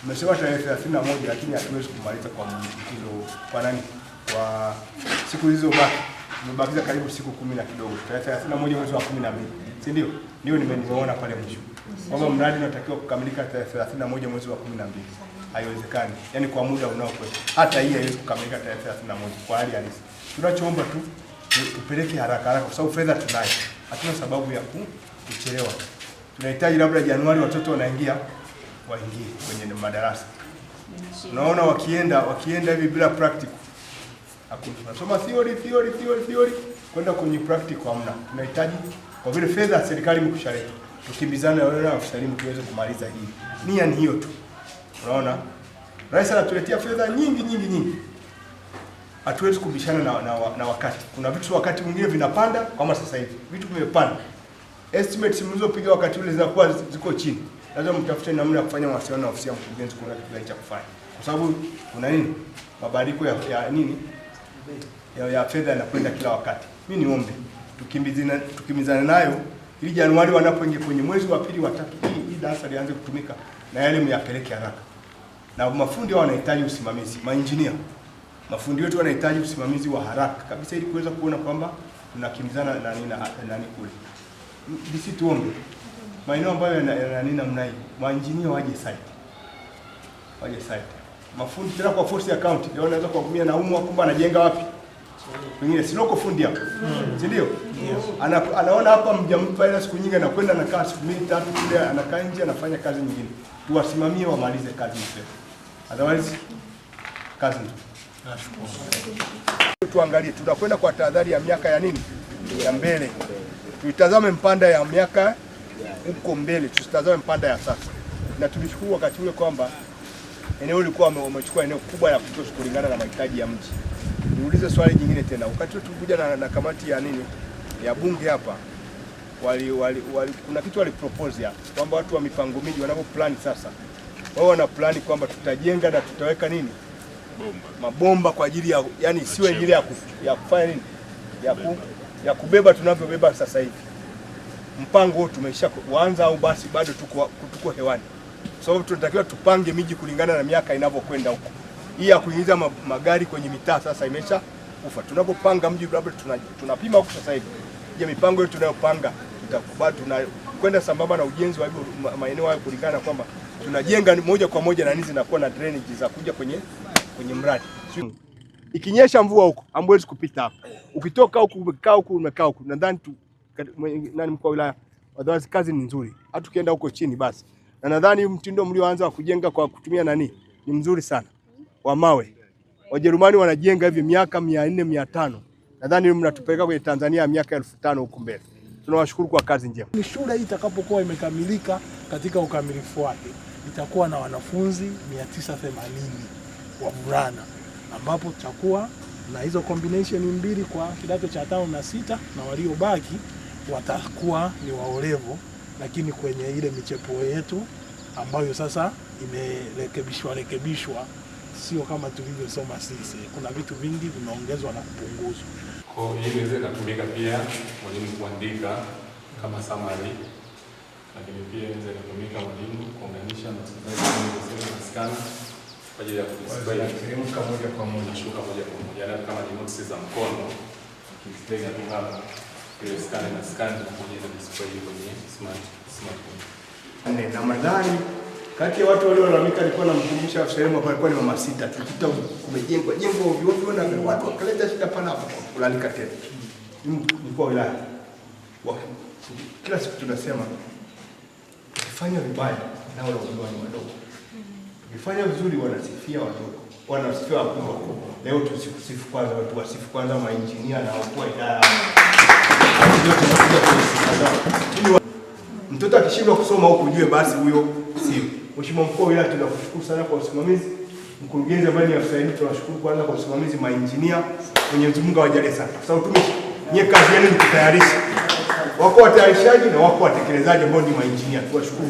Tumesema tarehe 31 lakini hatuwezi kumaliza kwa mtindo kwa nani? Kwa siku hizo baki. Tumebakiza karibu siku kumi na kidogo. Tarehe 31 mwezi wa 12. Si ndio? Ndio nimeona pale mwisho. Kwamba mradi unatakiwa kukamilika tarehe 31 mwezi wa 12. Haiwezekani. Yaani kwa muda unaokwenda. Hata hii haiwezi kukamilika tarehe 31 kwa hali halisi. Tunachoomba tu tupeleke haraka haraka kwa sababu fedha tunayo. Hatuna sababu ya kuchelewa. Tunahitaji labda Januari watoto wanaingia waingie kwenye madarasa. Unaona, wakienda wakienda hivi bila practical, hakuna tunasoma theory theory theory theory, kwenda kwenye practical hamna. Tunahitaji kwa vile fedha serikali mkushaleta, tukimbizane wewe na ofisalimu tuweze kumaliza hii. Nia ni hiyo tu, unaona. Rais anatuletea fedha nyingi nyingi nyingi, hatuwezi kubishana na, na, na wakati. Kuna vitu wakati mwingine vinapanda, kama sasa hivi vitu vimepanda, estimates mlizopiga wakati ule zinakuwa ziko chini lazima mtafute namna ya kufanya mawasiliano na ofisi ya mkurugenzi kuona kitu gani cha kufanya, kwa sababu kuna nini, mabadiliko ya, ya nini ya, ya fedha yanakwenda kila wakati. Mimi niombe tukimbizana nayo ili Januari wanapoingia kwenye mwezi wa pili wa tatu hii darasa lianze kutumika na yale myapeleke haraka. Na mafundi hao wanahitaji usimamizi, maengineer. Mafundi wetu wanahitaji usimamizi wa haraka kabisa ili kuweza kuona kwamba tunakimbizana na nani na nani kule. Bisi tuombe maeneo ambayo namna hii, maengineer waje site, waje site, mafundi tena kwa force account leo anaweza kuagumia na umu akumba anajenga wapi pengine si loko fundi hapo, si ndio? Anaona hapa mjampa hela siku nyingi, anakwenda anakaa siku mbili tatu kule, anakaa nje, anafanya kazi nyingine. Tuwasimamie wamalize kazi mapema, otherwise kazi nzuri. Tuangalie, tunakwenda kwa tahadhari ya miaka ya nini ya mbele, tuitazame mpanda ya miaka huko mbele, tusitazame mpanda ya sasa. Na tulishukuru wakati ule kwamba eneo lilikuwa wamechukua eneo kubwa la kutosha kulingana na mahitaji ya mji. Niulize swali jingine tena, wakati tulikuja na, na kamati ya nini ya bunge hapa wali, wali, wali, kuna kitu propose ya kwamba watu wa mipango miji plan sasa, wao wana plani kwamba tutajenga na tutaweka nini bomba, mabomba kwa ajili ya yani siwe ile ya, ya kufanya nini ya, ku, ya kubeba tunavyobeba sasa hivi mpango tumesha tumeisha kuanza au basi bado tuko, tuko hewani sababu so, tunatakiwa tupange miji kulingana na miaka inavyokwenda huko. Hii ya kuingiza magari kwenye mitaa sasa imesha ufa. Tunapopanga mji labda tunapima huko sasa hivi. Je, mipango yetu tunayopanga tunakwenda sambamba na ujenzi wa maeneo hayo kulingana kwamba tunajenga moja kwa moja na nizi zinakuwa na drainage za kuja kwenye kwenye mradi. Ikinyesha mvua huko, ambwezi kupita hapa. Ukitoka huko umekaa huko umekaa huko. Nadhani nani mkuu wa wilaya, otherwise kazi ni nzuri, hata tukienda huko chini basi. Na nadhani mtindo mlioanza wa kujenga kwa kutumia nani ni mzuri sana, wa mawe. Wajerumani wanajenga hivi miaka mia nne mia tano nadhani mnatupeleka kwenye Tanzania ya miaka elfu tano huko mbele. Tunawashukuru kwa kazi njema. Ni shule hii itakapokuwa imekamilika katika ukamilifu wake itakuwa na wanafunzi 980 wavulana, ambapo tutakuwa na hizo combination mbili kwa kidato cha tano na sita na waliobaki watakuwa ni waolevu, lakini kwenye ile michepuo yetu ambayo sasa imerekebishwa rekebishwa, sio kama tulivyosoma sisi. Kuna vitu vingi vinaongezwa na kupunguzwa, kwa hiyo hii inaweza ikatumika pia mwalimu kuandika kama summary, lakini pia inaweza ikatumika mwalimu kuunganisha maskana kwa ajili ya kuteremka moja kwa moja, shuka moja kwa moja, yaani kama ni notes za mkono kizitenga tu hapa ile scan na scan na display kwenye smart smartphone. Nne na madhari kati ya watu waliolalamika alikuwa namkumbusha sehemu ambayo alikuwa ni mama sita tukikuta kumejengwa jengo ovyo ovyo na watu wakaleta shida pale hapo kulalika tena. Mkuu wa wilaya kila siku tunasema tukifanya vibaya na nao wanaogopa ni wadogo, tukifanya vizuri wanasifia wadogo, wanasifia wakubwa. Leo tusifusifu kwanza, watu wasifu kwanza mainjinia na wakuu wa idara mtoto akishindwa kusoma huku ujue basi huyo sio. Mheshimiwa mkuu wa wilaya, tunakushukuru sana kwa usimamizi. Mkurugenzi ambaye ni afisa elimu, tunashukuru kwanza kwa usimamizi. Mainjinia, Mwenyezi Mungu awajalie sana, kwa sababu nyie kazi yenu ni kutayarisha. Wako watayarishaji na wako watekelezaji ambao ni mainjinia, tuwashukuru.